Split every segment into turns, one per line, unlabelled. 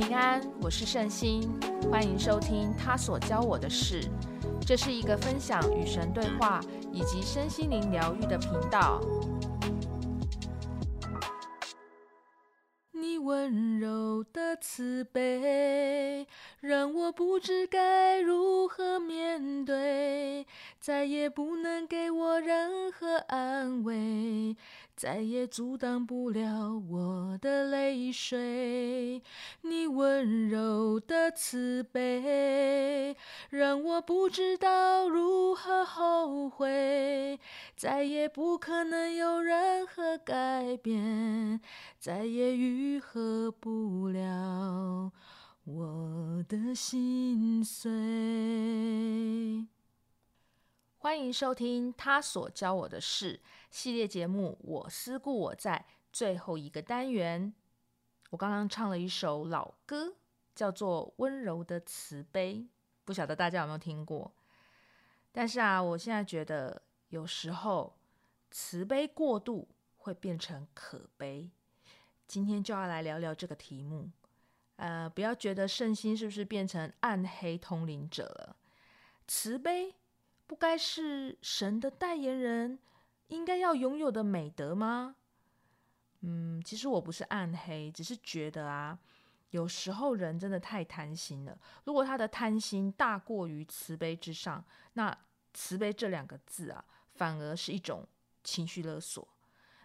平安，我是聖心，歡迎收聽祂所教我的事。這是一個分享與神對話以及身心靈療癒的頻道。你溫柔的慈悲，讓我不知該如何面對，再也不能給我任何安慰。再也阻擋不了我的淚水，你溫柔的慈悲，讓我不知道如何後悔，再也不可能有任何改變，再也癒合不了我的心碎。歡迎收聽祂所教我的事。系列節目《我私故我在》最後一個單元，我剛剛唱了一首老歌，叫做《溫柔的慈悲》，不曉得大家有沒有聽過？但是啊，我現在覺得有時候慈悲過度會變成可悲。今天就要來聊聊這個題目。呃，不要覺得聖心是不是變成暗黑通靈者了？慈悲不該是神的代言人應該要擁有的美德嗎？嗯，其實我不是暗黑，只是覺得啊，有時候人真的太貪心了。如果他的貪心大過於慈悲之上，那慈悲這兩個字啊，反而是一種情緒勒索。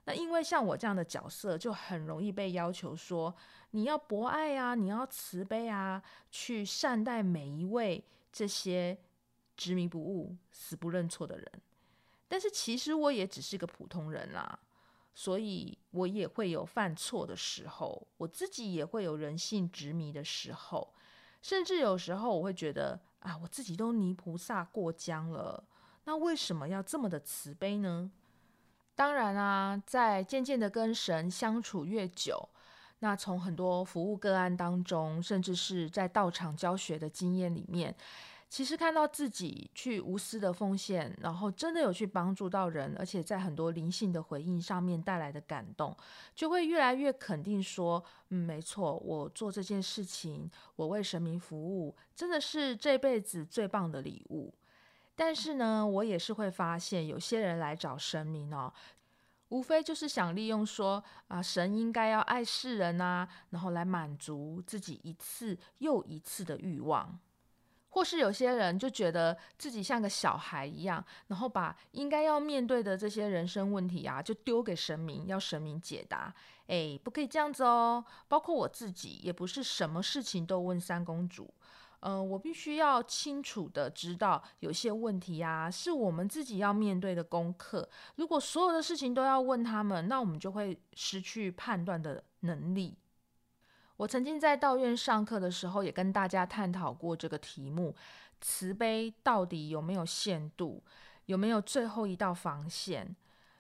那因為像我這樣的角色，就很容易被要求說，你要博愛啊，你要慈悲啊，去善待每一位這些執迷不悟、死不認錯的人。但是其實我也只是個普通人啦、啊，所以我也會有犯錯的時候，我自己也會有人性執迷的時候，甚至有時候我會覺得啊，我自己都泥菩薩過江了，那為什麼要這麼的慈悲呢？當然啊，在漸漸的跟神相處越久，那從很多服務個案當中，甚至是在道場教學的經驗裡面。其實看到自己去無私的奉獻，然後真的有去幫助到人，而且在很多靈性的回應上面帶來的感動，就會越來越肯定說，嗯，沒錯，我做這件事情，我為神明服務，真的是這輩子最棒的禮物。但是呢，我也是會發現，有些人來找神明哦，無非就是想利用說，啊，神應該要愛世人啊，然後來滿足自己一次又一次的欲望。或是有些人就覺得自己像個小孩一樣，然後把應該要面對的這些人生問題啊，就丟給神明，要神明解答。誒，不可以這樣子哦！包括我自己，也不是什麼事情都問三公主。嗯、呃，我必須要清楚的知道，有些問題啊，是我們自己要面對的功課。如果所有的事情都要問他們，那我們就會失去判斷的能力。我曾經在道院上課的時候，也跟大家探討過這個題目：慈悲到底有沒有限度？有沒有最後一道防線？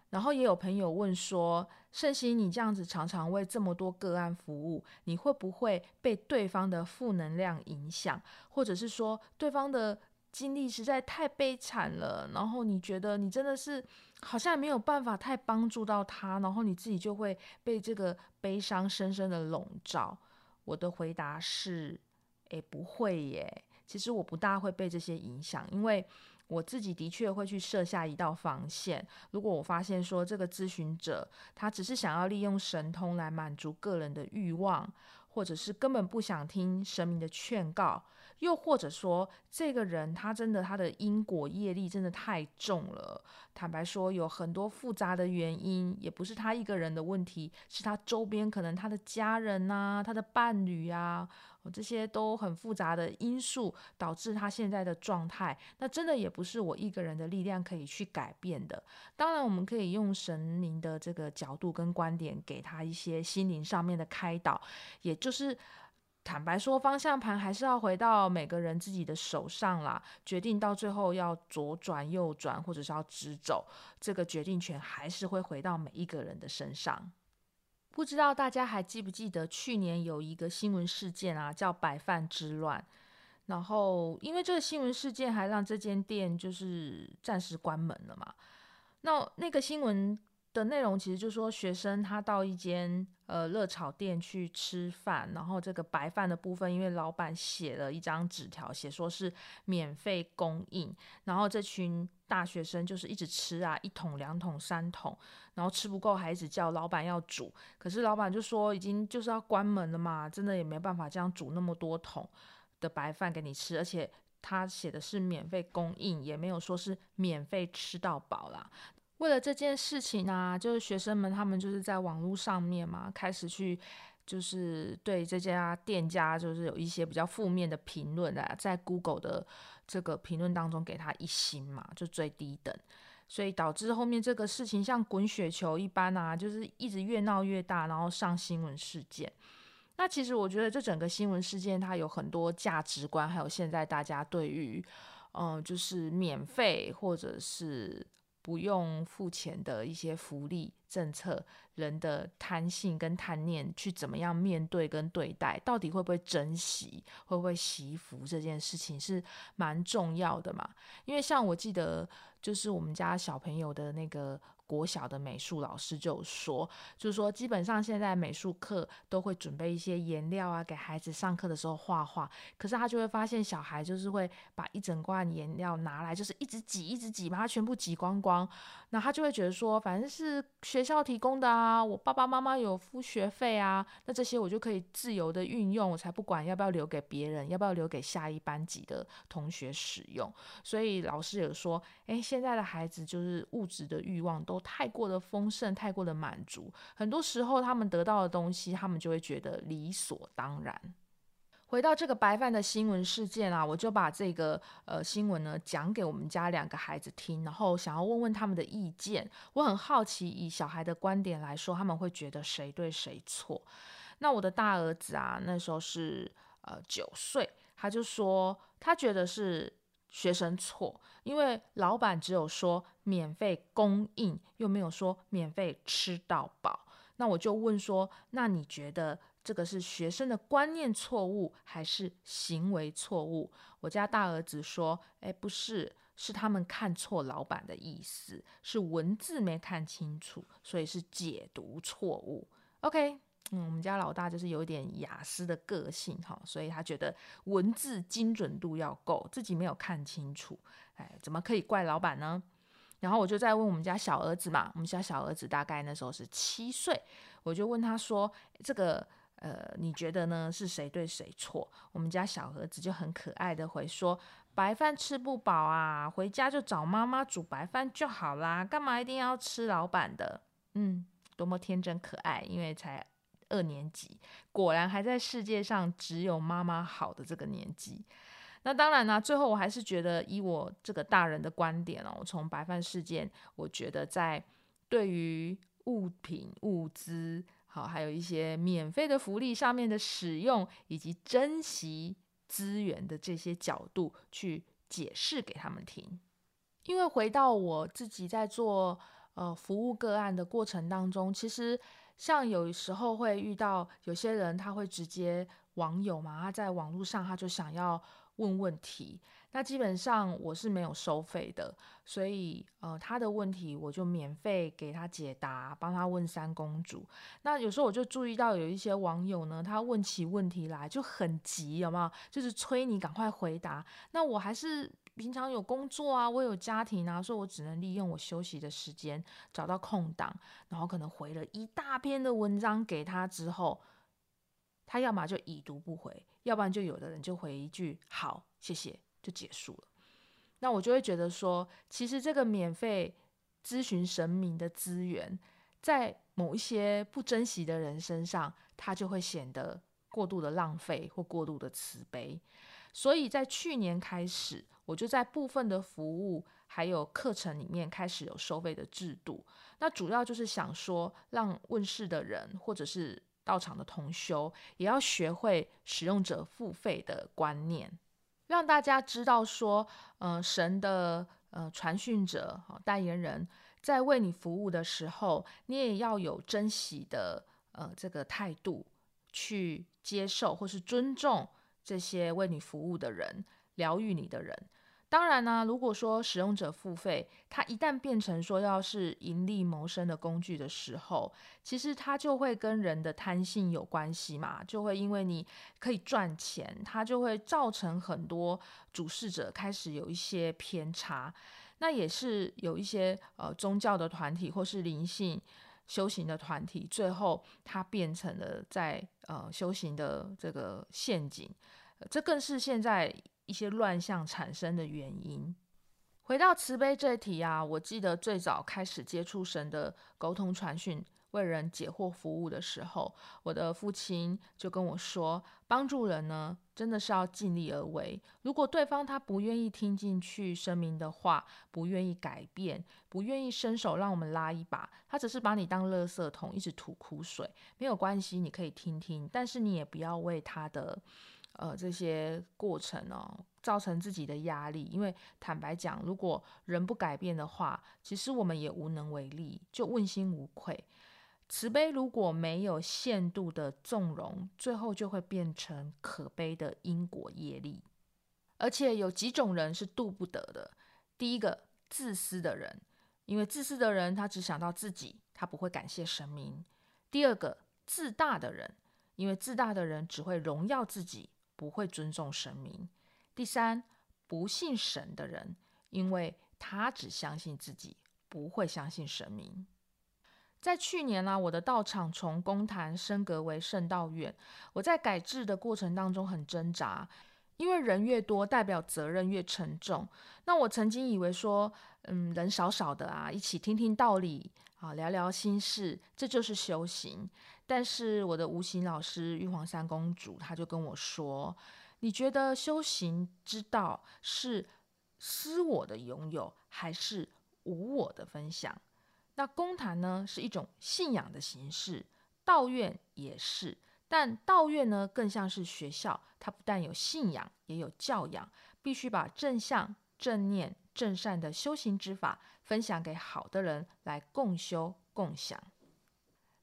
然後也有朋友問說：“聖心，你這樣子常常為這麼多個案服務，你會不會被對方的負能量影響，或者是說對方的？”經歷實在太悲慘了，然後你覺得你真的是好像也沒有辦法太幫助到他，然後你自己就會被這個悲傷深深的籠罩。我的回答是，誒、欸，不會耶，其實我不大會被這些影響，因為我自己的確會去設下一道防線。如果我發現說這個諮詢者他只是想要利用神通來滿足個人的慾望。或者是根本不想聽神明的勸告，又或者說這個人他真的他的因果業力真的太重了。坦白說，有很多複雜的原因，也不是他一個人的問題，是他周邊可能他的家人吶，他的伴侶啊。這些都很複雜的因素導致他現在的狀態，那真的也不是我一個人的力量可以去改變的。當然，我們可以用神靈的這個角度跟觀點給他一些心靈上面的開導，也就是坦白說，方向盤還是要回到每個人自己的手上啦。決定到最後要左轉、右轉，或者是要直走，這個決定權還是會回到每一個人的身上。不知道大家還記不記得去年有一個新聞事件啊，叫“白飯之亂”，然後因為這個新聞事件，還讓這間店就是暫時關門了嘛。那那個新聞。的內容其實就是說學生他到一間呃熱炒店去吃飯，然後這個白飯的部分，因為老板寫了一張紙條，寫說是免費供應，然後這群大學生就是一直吃啊，一桶兩桶三桶，然後吃不夠還一直叫老板要煮，可是老板就說已經就是要關門了嘛，真的也沒辦法這樣煮那麼多桶的白飯給你吃，而且他寫的是免費供應，也沒有說是免費吃到飽啦。為了這件事情啊，就是學生們他們就是在網絡上面嘛，開始去就是對這家店家就是有一些比較負面的評論啊，在 Google 的這個評論當中給他一星嘛，就最低等，所以導致後面這個事情像滾雪球一般啊，就是一直越鬧越大，然後上新聞事件。那其實我覺得這整個新聞事件它有很多價值觀，還有現在大家對於嗯、呃，就是免費或者是。不用付錢的一些福利政策，人的貪性跟貪念去怎麼樣面對跟對待，到底會不會珍惜，會不會惜福這件事情是蠻重要的嘛。因為像我記得，就是我們家小朋友的那個。國小的美術老師就說，就是說基本上現在美術課都會準備一些顏料啊，給孩子上課的時候畫畫。可是他就會發現，小孩就是會把一整罐顏料拿來，就是一直擠，一直擠，把它全部擠光光。那他就會覺得說，反正是學校提供的啊，我爸爸媽媽有付學費啊，那這些我就可以自由的運用，我才不管要不要留給別人，要不要留給下一班級的同學使用。所以老師有說，誒，現在的孩子就是物質的欲望都。太過的豐盛，太過的滿足，很多時候他們得到的東西，他們就會覺得理所當然。回到這個白飯的新聞事件啊，我就把這個呃新聞呢講給我們家兩個孩子聽，然後想要問問他們的意見。我很好奇，以小孩的觀點來說，他們會覺得誰對誰錯？那我的大兒子啊，那時候是呃九歲，他就說他覺得是。學生錯，因為老板只有說免費供應，又沒有說免費吃到飽。那我就問說，那你覺得這個是學生的觀念錯誤，還是行為錯誤？我家大兒子說：“誒、欸，不是，是他們看錯老板的意思，是文字沒看清楚，所以是解讀錯誤。” OK。嗯，我們家老大就是有點雅思的個性哈，所以他覺得文字精準度要夠，自己沒有看清楚，哎，怎麼可以怪老板呢？然後我就在問我們家小兒子嘛，我們家小兒子大概那時候是七歲，我就問他說，這個呃，你覺得呢是誰對誰錯？我們家小兒子就很可愛的回說，白飯吃不飽啊，回家就找媽媽煮白飯就好啦，幹嘛一定要吃老板的？嗯，多麼天真可愛，因為才。二年級果然還在世界上只有媽媽好的這個年紀。那當然啦，最後我還是覺得，以我這個大人的觀點哦，從白飯事件，我覺得在對於物品、物資，好還有一些免費的福利上面的使用以及珍惜資源的這些角度去解釋給他們聽。因為回到我自己在做呃服務個案的過程當中，其實。像有時候會遇到有些人，他會直接網友嘛，他在網絡上他就想要問問題。那基本上我是沒有收費的，所以呃，他的問題我就免費給他解答，幫他問三公主。那有時候我就注意到有一些網友呢，他問起問題來就很急，有沒有？就是催你趕快回答。那我還是。平常有工作啊，我有家庭啊，所以我只能利用我休息的時間找到空檔，然後可能回了一大篇的文章給他之後，他要麼就已讀不回，要不然就有的人就回一句“好，謝謝”，就結束了。那我就會覺得說，其實這個免費諮詢神明的資源，在某一些不珍惜的人身上，他就會顯得過度的浪費或過度的慈悲。所以在去年開始，我就在部分的服務還有課程裡面開始有收費的制度，那主要就是想說，讓問事的人或者是道場的同修，也要學會使用者付費的觀念，讓大家知道說，嗯、呃，神的呃傳訊者、呃、代言人，在為你服務的時候，你也要有珍惜的呃這個態度去接受或是尊重這些為你服務的人、療癒你的人。當然呢、啊，如果說使用者付費，它一旦變成說要是盈利謀生的工具的時候，其實它就會跟人的貪性有關係嘛，就會因為你可以賺錢，它就會造成很多主事者開始有一些偏差。那也是有一些呃宗教的團體或是靈性修行的團體，最後它變成了在呃修行的這個陷阱。這更是現在一些亂象產生的原因。回到慈悲這一題啊，我記得最早開始接觸神的溝通傳訊、為人解惑服務的時候，我的父親就跟我說：“幫助人呢，真的是要盡力而為。如果對方他不願意聽進去聲明的話，不願意改變，不願意伸手讓我們拉一把，他只是把你當垃圾桶，一直吐苦水，沒有關係，你可以聽聽，但是你也不要為他的。”呃，這些過程哦，造成自己的壓力。因為坦白講，如果人不改變的話，其實我們也無能為力，就問心無愧。慈悲如果沒有限度的縱容，最後就會變成可悲的因果業力。而且有幾種人是渡不得的。第一個，自私的人，因為自私的人他只想到自己，他不會感謝神明。第二個，自大的人，因為自大的人只會榮耀自己。不會尊重神明。第三，不信神的人，因為他只相信自己，不會相信神明。在去年呢、啊，我的道場從公壇升格為聖道院。我在改制的過程當中很掙扎，因為人越多，代表責任越沉重。那我曾經以為說，嗯，人少少的啊，一起聽聽道理啊，聊聊心事，這就是修行。但是我的無形老師玉皇三公主，她就跟我說：“你覺得修行之道是私我的擁有，還是無我的分享？那公壇呢，是一種信仰的形式，道院也是。但道院呢，更像是學校，它不但有信仰，也有教養，必須把正向、正念、正善的修行之法分享給好的人來共修共享。”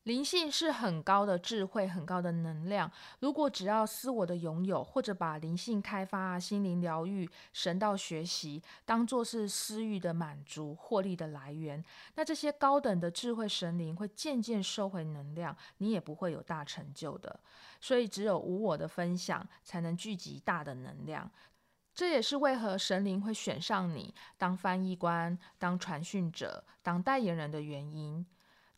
靈性是很高的智慧，很高的能量。如果只要私我的擁有，或者把靈性開發啊、心靈療癒、神道學習當作是私欲的滿足、獲利的來源，那這些高等的智慧神靈會漸漸收回能量，你也不會有大成就的。所以，只有無我的分享，才能聚集大的能量。這也是為何神靈會選上你當翻譯官、當傳訊者、當代言人的原因。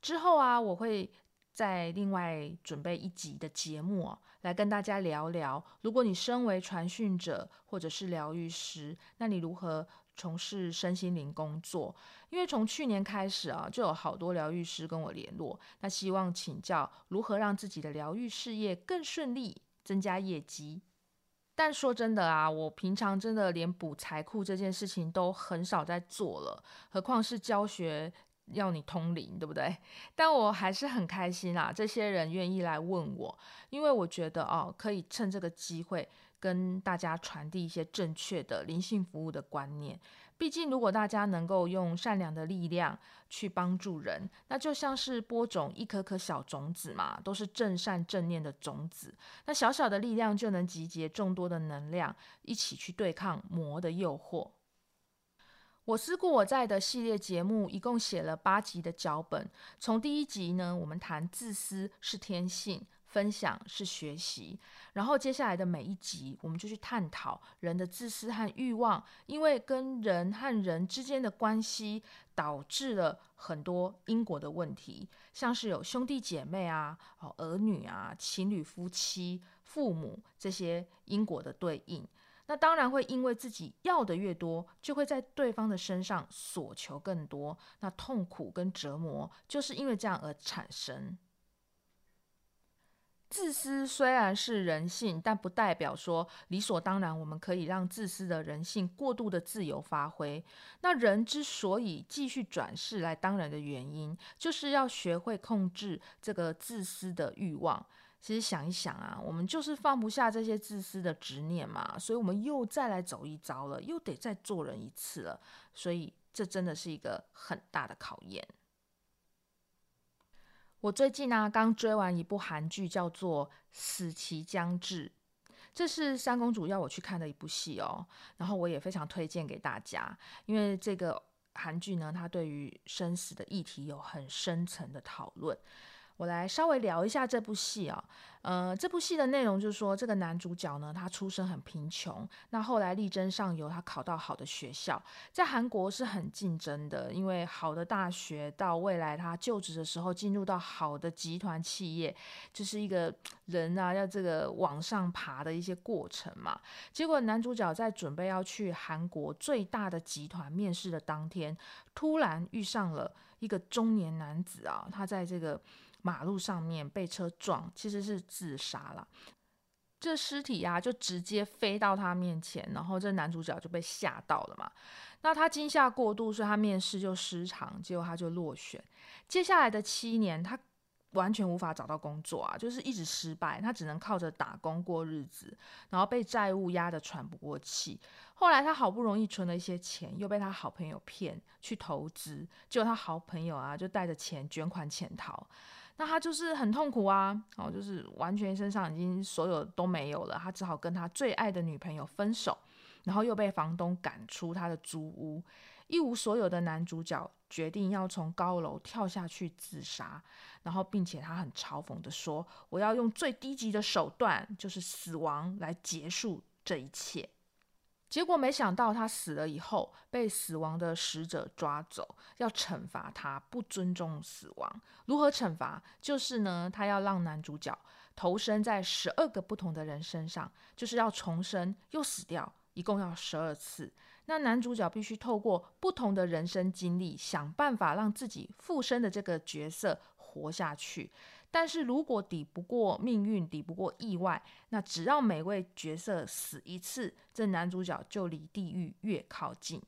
之後啊，我會再另外準備一集的節目啊，來跟大家聊聊。如果你身為傳訊者或者是療癒師，那你如何從事身心靈工作？因為從去年開始啊，就有好多療癒師跟我聯絡，那希望請教如何讓自己的療癒事業更順利，增加業績。但說真的啊，我平常真的連補財庫這件事情都很少在做了，何況是教學。要你通靈，對不對？但我還是很開心啦，這些人願意來問我，因為我覺得哦，可以趁這個機會跟大家傳遞一些正確的靈性服務的觀念。畢竟，如果大家能夠用善良的力量去幫助人，那就像是播種一顆顆小種子嘛，都是正善正念的種子。那小小的力量就能集結眾多的能量，一起去對抗魔的誘惑。我私故我在的系列節目一共寫了八集的腳本，從第一集呢，我們談自私是天性，分享是學習，然後接下來的每一集，我們就去探討人的自私和欲望，因為跟人和人之間的關係，導致了很多因果的問題，像是有兄弟姐妹啊、兒女啊、情侶夫妻、父母這些因果的對應。那當然會因為自己要的越多，就會在對方的身上索求更多。那痛苦跟折磨就是因為這樣而產生。自私雖然是人性，但不代表說理所當然我們可以讓自私的人性過度的自由發揮。那人之所以繼續轉世來當人的原因，就是要學會控制這個自私的慾望。其實想一想啊，我們就是放不下這些自私的執念嘛，所以，我們又再來走一遭了，又得再做人一次了，所以，這真的是一個很大的考驗。我最近呢、啊，剛追完一部韓劇，叫做《死期將至》，這是三公主要我去看的一部戲哦，然後我也非常推薦給大家，因為這個韓劇呢，它對於生死的議題有很深層的討論。我來稍微聊一下這部戲啊、哦，呃，這部戲的內容就是說，這個男主角呢，他出身很貧窮，那後來力爭上游，他考到好的學校，在韓國是很競爭的，因為好的大學到未來他就職的時候，進入到好的集團企業，就是一個人啊，要這個往上爬的一些過程嘛。結果男主角在準備要去韓國最大的集團面試的當天，突然遇上了一個中年男子啊、哦，他在這個。馬路上面被車撞，其實是自殺了。這屍體啊，就直接飛到他面前，然後這男主角就被嚇到了嘛。那他驚嚇過度，所以他面試就失常，結果他就落選。接下來的七年，他完全無法找到工作啊，就是一直失敗。他只能靠着打工過日子，然後被債務壓得喘不過氣。後來他好不容易存了一些錢，又被他好朋友騙去投資，結果他好朋友啊就帶着錢卷款潛逃。那他就是很痛苦啊，哦，就是完全身上已經所有都沒有了，他只好跟他最愛的女朋友分手，然後又被房東趕出他的租屋，一無所有的男主角決定要從高樓跳下去自殺，然後並且他很嘲諷的說：“我要用最低級的手段，就是死亡來結束這一切。”結果沒想到，他死了以後被死亡的使者抓走，要懲罰他不尊重死亡。如何懲罰？就是呢，他要讓男主角投身在十二個不同的人身上，就是要重生又死掉，一共要十二次。那男主角必須透過不同的人生經歷，想辦法讓自己附身的這個角色活下去。但是如果抵不過命運，抵不過意外，那只要每位角色死一次，這男主角就離地獄越靠近。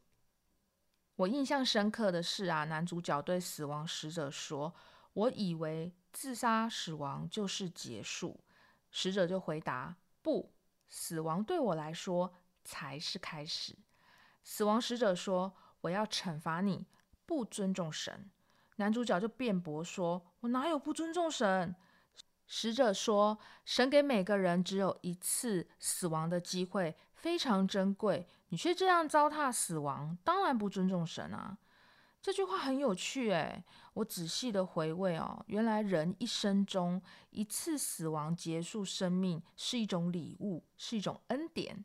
我印象深刻的是啊，男主角對死亡使者說：“我以為自殺死亡就是結束。”使者就回答：“不，死亡對我來說才是開始。”死亡使者說：“我要懲罰你不尊重神。”男主角就辯駁說：“我哪有不尊重神？”使者說：“神給每個人只有一次死亡的機會，非常珍貴，你卻這樣糟蹋死亡，當然不尊重神啊。”這句話很有趣誒，我仔細的回味哦，原來人一生中一次死亡結束生命是一種禮物，是一種恩典。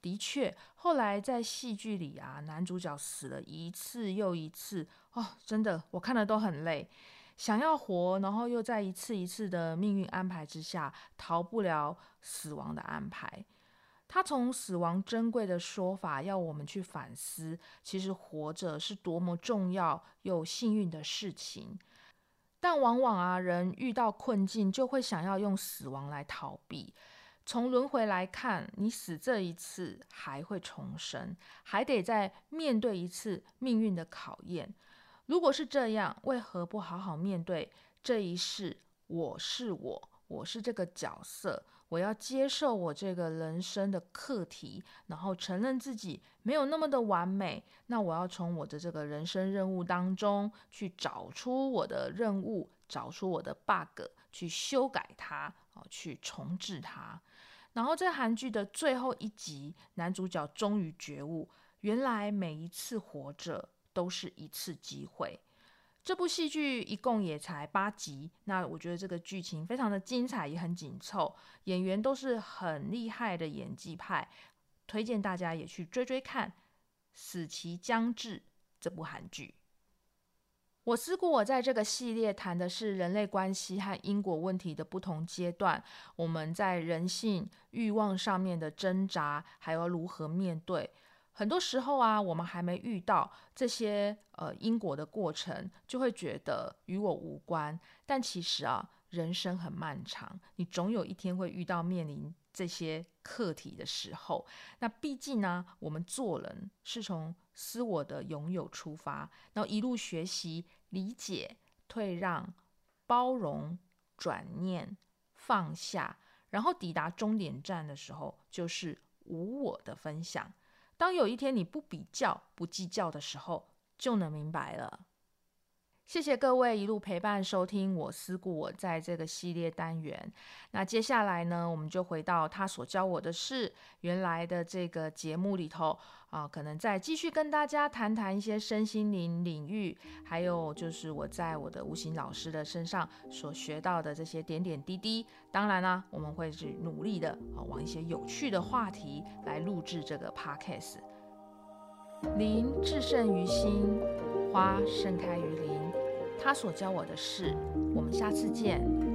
的確，後來在戲劇裡啊，男主角死了一次又一次哦，真的，我看得都很累。想要活，然後又在一次一次的命運安排之下，逃不了死亡的安排。他從死亡珍貴的說法要我們去反思，其實活着是多麼重要又幸運的事情。但往往啊，人遇到困境就會想要用死亡來逃避。從輪迴來看，你死這一次還會重生，還得再面對一次命運的考驗。如果是這樣，為何不好好面對這一世？我是我，我是這個角色，我要接受我這個人生的課題，然後承認自己沒有那麼的完美。那我要從我的這個人生任務當中去找出我的任務，找出我的 bug，去修改它，啊，去重置它。然後這韓劇的最後一集，男主角終於覺悟，原來每一次活着都是一次機會。這部戲劇一共也才八集，那我覺得這個劇情非常的精彩，也很緊湊，演員都是很厲害的演技派，推薦大家也去追追看《死期將至》這部韓劇。我私故我在這個系列談的是人類關係和因果問題的不同階段，我們在人性慾望上面的掙扎，還有如何面對。很多時候啊，我們還沒遇到這些呃因果的過程，就會覺得與我無關。但其實啊，人生很漫長，你總有一天會遇到面臨這些課題的時候。那畢竟呢、啊，我們做人是從私我的擁有出發，然後一路學習。理解、退讓、包容、轉念、放下，然後抵達終點站的時候，就是無我的分享。當有一天你不比較、不計較的時候，就能明白了。謝謝各位一路陪伴收聽我私故我在這個系列單元。那接下來呢，我們就回到他所教我的事，原來的這個節目裡頭啊，可能再繼續跟大家談談一些身心靈領域，還有就是我在我的無形老師的身上所學到的這些點點滴滴。當然啦、啊，我們會去努力的啊，往一些有趣的話題來錄制這個 podcast。林至勝於心，花盛開於林。祂所教我的事，我們下次見。